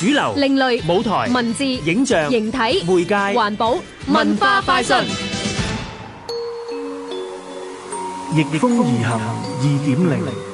主流、另類、舞台、文字、影像、形體、媒介、環保、文化快訊，逆風而行二點零。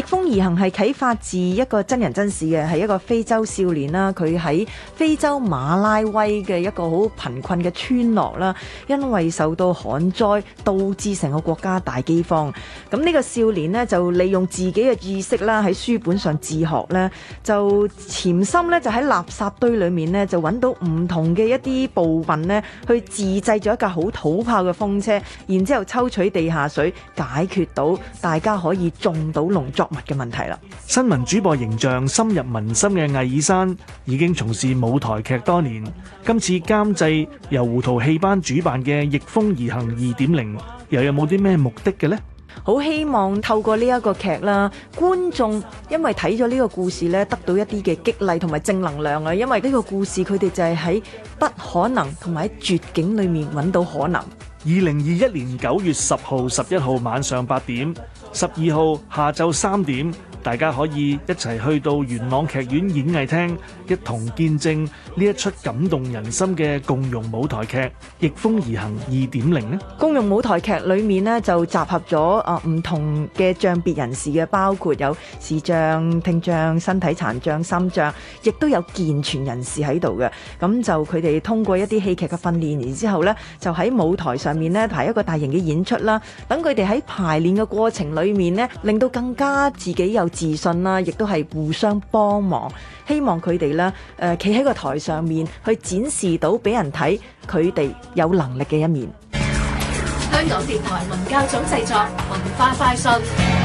逆風而行係啟發自一個真人真事嘅，係一個非洲少年啦。佢喺非洲馬拉威嘅一個好貧困嘅村落啦，因為受到旱災導致成個國家大饑荒。咁、這、呢個少年呢，就利用自己嘅意識啦，喺書本上自學咧，就潛心咧就喺垃圾堆裏面呢，就揾到唔同嘅一啲部分呢，去自製咗一架好土炮嘅風車，然之後抽取地下水，解決到大家可以種到農作物。物嘅問題啦！新聞主播形象深入民心嘅魏爾山已經從事舞台劇多年，今次監製由胡桃戲班主辦嘅逆風而行二點零，又有冇啲咩目的嘅呢？好希望透過呢一個劇啦，觀眾因為睇咗呢個故事咧，得到一啲嘅激勵同埋正能量啊！因為呢個故事佢哋就係喺不可能同埋喺絕境裡面揾到可能。二零二一年九月十號、十一號晚上八點，十二號下晝三點。大家可以一齊去到元朗劇院演藝廳一同見證呢一出感動人心嘅共融舞台劇《逆風而行二點零》咧。共融舞台劇裏面咧就集合咗啊唔同嘅障別人士嘅，包括有視障、聽障、身體殘障、心障，亦都有健全人士喺度嘅。咁就佢哋通過一啲戲劇嘅訓練，然之後咧就喺舞台上面咧排一個大型嘅演出啦。等佢哋喺排練嘅過程裏面咧，令到更加自己有。自信啦，亦都係互相幫忙，希望佢哋咧，誒，企喺個台上面去展示到俾人睇佢哋有能力嘅一面。香港電台文教組製作文化快訊。